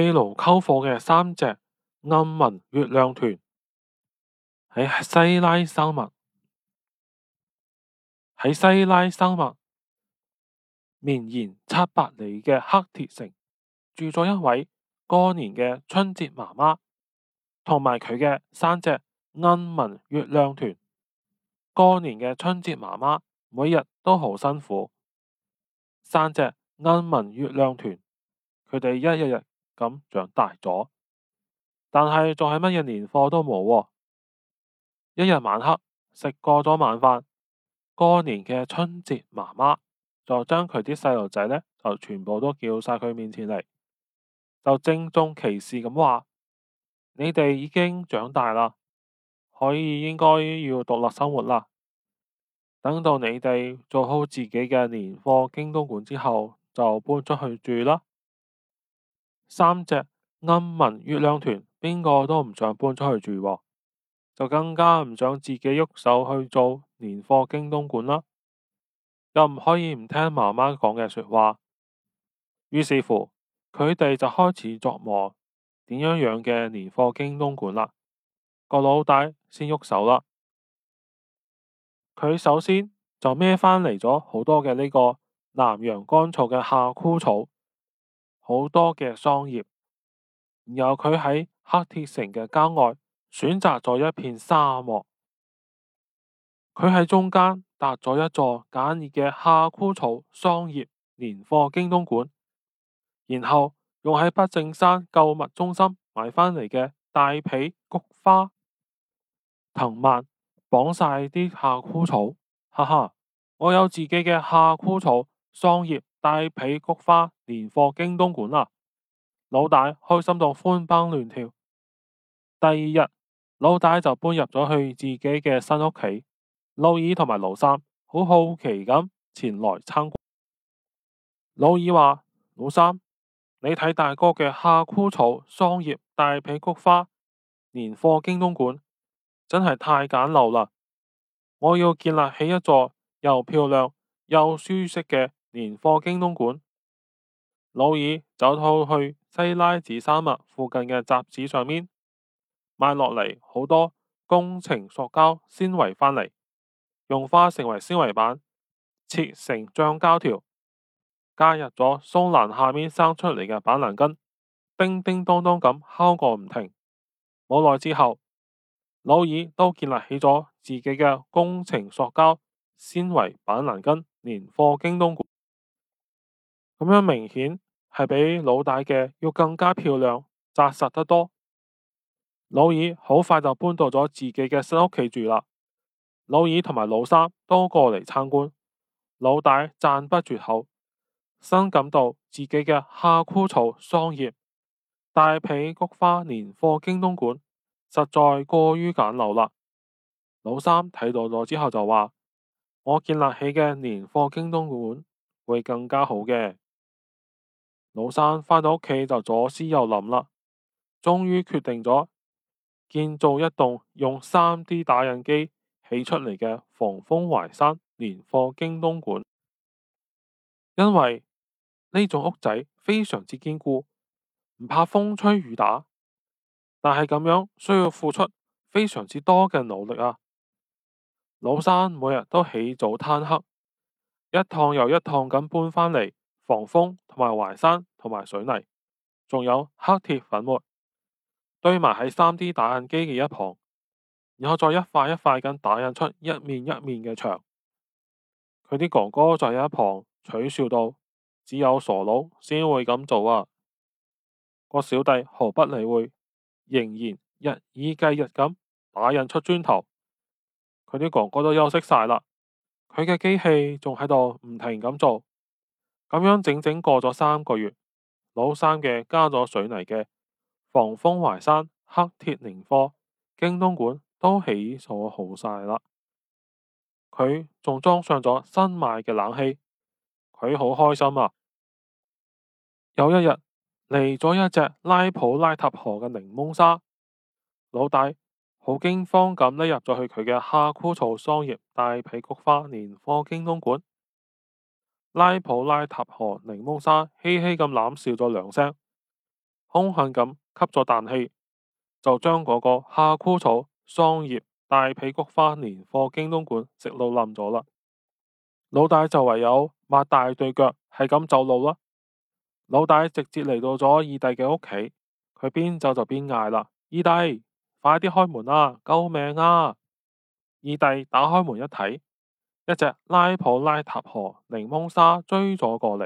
壁爐篝火嘅三隻暗紋月亮魨喺西拉生物喺西拉生物綿延七百里嘅黑鐵城住咗一位過年嘅春節媽媽，同埋佢嘅三隻暗紋月亮魨。過年嘅春節媽媽每日都好辛苦，三隻暗紋月亮魨，佢哋一日日。咁長大咗，但係仲係乜嘢年貨都冇啊。一日晚黑食過咗晚飯，過年嘅春節，媽媽就將佢啲細路仔呢，就全部都叫晒佢面前嚟，就鄭重其事咁話：你哋已經長大啦，可以應該要獨立生活啦。等到你哋做好自己嘅年貨，京東館之後，就搬出去住啦。三隻暗紋月亮魨，邊個都唔想搬出去住，就更加唔想自己喐手去做年貨京東館啦。又唔可以唔聽媽媽講嘅說話，於是乎佢哋就開始琢磨點樣養嘅年貨京東館啦。個老大先喐手啦，佢首先就孭返嚟咗好多嘅呢個南洋乾燥嘅夏枯草。好多嘅桑葉，然後佢喺黑鐵城嘅郊外選擇咗一片沙漠，佢喺中間搭咗一座簡易嘅夏枯草桑葉年貨京東館，然後用喺北正山購物中心買返嚟嘅大皮菊花藤蔓綁晒啲夏枯草，哈哈，我有自己嘅夏枯草桑葉大皮菊花年貨京東館啦、啊，老大開心到歡蹦亂跳。第二日，老大就搬入咗去自己嘅新屋企。老二同埋老三好好奇咁前來參觀。老二話：老三，你睇大哥嘅夏枯草、桑葉、大皮菊花、年貨京東館，真係太簡陋啦！我要建立起一座又漂亮又舒適嘅年貨京東館。老爾走到去西拉子山脈附近嘅雜誌上面買落嚟好多工程塑膠纖維返嚟，融化成為纖維板，切成橡膠條，加入咗松蘭下面生出嚟嘅板藍根，叮叮當當咁敲個唔停。冇耐之後，老爾都建立起咗自己嘅工程塑膠纖維板藍根年貨京東股，咁樣明顯，係比老大嘅要更加漂亮，紮實得多。老二好快就搬到咗自己嘅新屋企住啦。老二同埋老三都過嚟參觀，老大讚不絕口，深感到自己嘅夏枯草桑葉大皮菊花年貨京東館實在過於簡陋啦。老三睇到咗之後就話：我建立起嘅年貨京東館會更加好嘅。老山返到屋企就左思右諗啦，終於決定咗建造一棟用 3D 打印機起出嚟嘅防風淮山連貨京東館，因為呢種屋仔非常之堅固，唔怕風吹雨打，但係咁樣需要付出非常之多嘅努力啊！老山每日都起早貪黑，一趟又一趟咁搬返嚟。防風同埋淮山同埋水泥，仲有黑鐵粉末，堆埋喺 3D 打印機嘅一旁，然後再一塊一塊咁打印出一面一面嘅牆。佢啲哥哥在一旁取笑道：只有傻佬先會咁做啊！個小弟毫不理會，仍然日以繼日咁打印出磚頭。佢啲哥哥都休息晒喇，佢嘅機器仲喺度唔停咁做。咁樣整整過咗三個月，老三嘅加咗水泥嘅防風淮山黑鐵寧科京東館都起咗好晒喇。佢仲裝上咗新買嘅冷氣，佢好開心啊！有一日嚟咗一隻拉普拉塔河嘅檸檬沙老大好驚慌咁匿入咗去佢嘅夏枯草桑葉大皮菊花年貨京東館。拉普拉塔河檸檬鯊，嘻嘻咁冷笑咗兩聲，凶狠咁吸咗啖氣，就將嗰個夏枯草、桑葉、大屁菊花連貨京東館直路冧咗啦。老大就唯有擘大對腳係咁走路啦。老大直接嚟到咗二弟嘅屋企，佢邊走就邊嗌啦：二弟，快啲開門啦、啊！救命啊！二弟打開門一睇。一隻拉普拉塔河檸檬鯊追咗過嚟，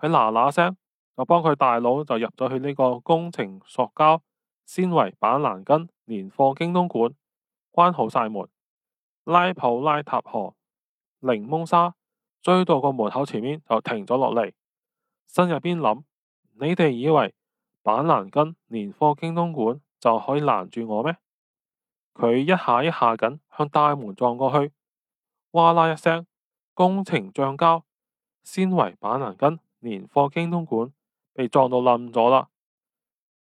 佢嗱嗱聲就幫佢大佬就入咗去呢個工程塑膠纖維板藍根年貨京東館，關好晒門。拉普拉塔河檸檬鯊追到個門口前面就停咗落嚟，心入邊諗：你哋以為板藍根年貨京東館就可以攔住我咩？佢一下一下咁向大門撞過去。嘩啦一聲，工程橡膠，纖維板難根，年貨京東館被撞到冧咗喇。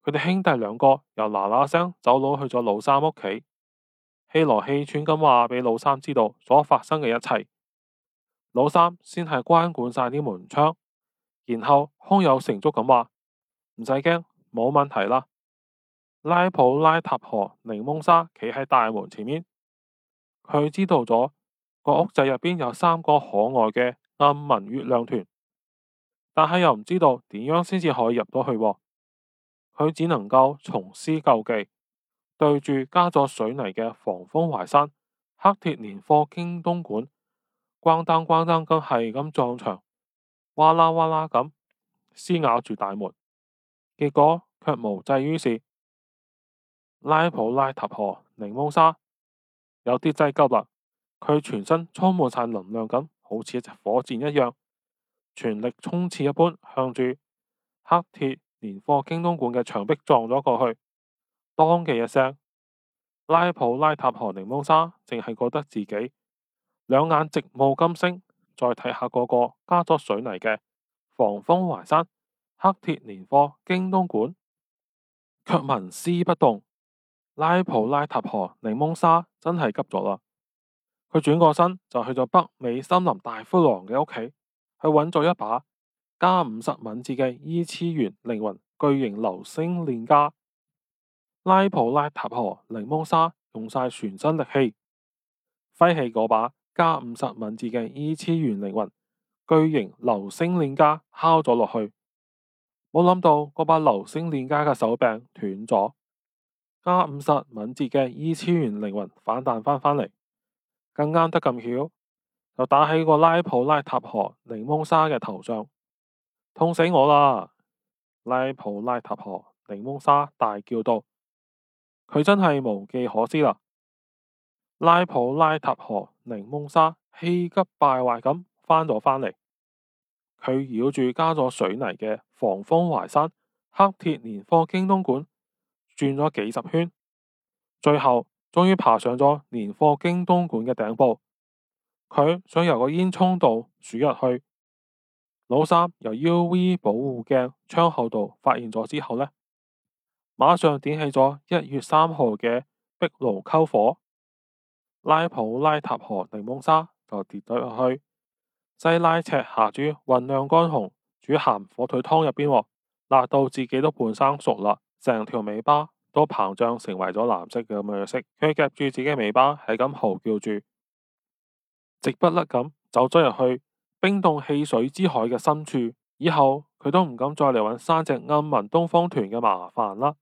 佢哋兄弟兩個又嗱嗱聲走佬去咗老三屋企，氣來氣喘咁話畀老三知道所發生嘅一切，老三先係關管晒啲門窗，然後胸有成竹咁話：唔使驚，冇問題啦！拉普拉塔河檸檬沙企喺大門前面，佢知道咗。個屋仔入邊有三個可愛嘅暗紋月亮魨，但係又唔知道點樣先至可以入到去，啊。佢只能夠重施舊技，對住加咗水泥嘅防風淮山黑鐵連科經東莞咣噹咣噹咁係咁撞牆，哇啦哇啦咁撕咬住大門，結果卻無濟於事。拉普拉塔河檸檬沙有啲積急啦。佢全身充滿晒能量咁，好似一隻火箭一樣，全力衝刺一般，向住黑鐵年貨京東館嘅牆壁撞咗過去。當嘅一聲，拉普拉塔河檸檬沙淨係覺得自己兩眼直冒金星，再睇下嗰個加咗水泥嘅防風淮山黑鐵年貨京東館，卻紋絲不動。拉普拉塔河檸檬沙真係急咗喇。佢轉過身就去咗北美森林大灰狼嘅屋企，去揾咗一把加五十敏捷嘅異次元靈魂巨型流星鏈枷。拉普拉塔河檸檬沙用晒全身力氣，揮起嗰把加五十敏捷嘅異次元靈魂巨型流星鏈枷敲咗落去，冇諗到嗰把流星鏈枷嘅手柄斷咗，加五十敏捷嘅異次元靈魂反彈返返嚟。更啱得咁巧，就打喺個拉普拉塔河檸檬沙嘅頭上，痛死我啦！拉普拉塔河檸檬沙大叫道：佢真係無計可施啦！拉普拉塔河檸檬沙氣急，急敗壞咁返咗返嚟，佢繞住加咗水泥嘅防風淮山黑鐵連科京東館轉咗幾十圈，最後，終於爬上咗年貨京東館嘅頂部，佢想由個煙囪度鼠入去。老三由 UV 保護鏡窗口度發現咗之後呢，馬上點起咗一月三號嘅壁爐篝火，拉普拉塔河檸檬沙就跌咗入去，西拉赤霞珠混釀乾紅煮鹹火腿湯入邊喎、哦，辣到自己都半生熟啦，成條尾巴，都膨脹，成為咗藍色嘅咁嘅樣式，佢夾住自己嘅尾巴，係咁嚎叫住，直不甩咁走咗入去冰凍汽水之海嘅深處。以後佢都唔敢再嚟揾三隻暗紋東方魨嘅麻煩啦。